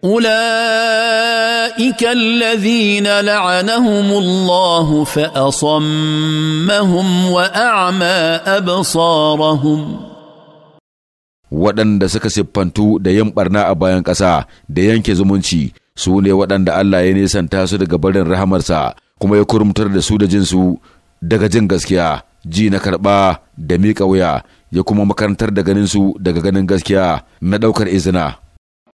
اولئك الذين لعنهم الله فاصمهم واعمى ابصارهم waɗanda suka siffantu da yin ɓarna a bayan ƙasa da yanke zumunci su ne waɗanda Allah ya nisanta su daga barin rahamarsa kuma ya kurmutar da su da jinsu daga jin gaskiya ji na karɓa da miƙa wuya ya kuma makarantar da ganinsu daga ganin gaskiya na ɗaukar izina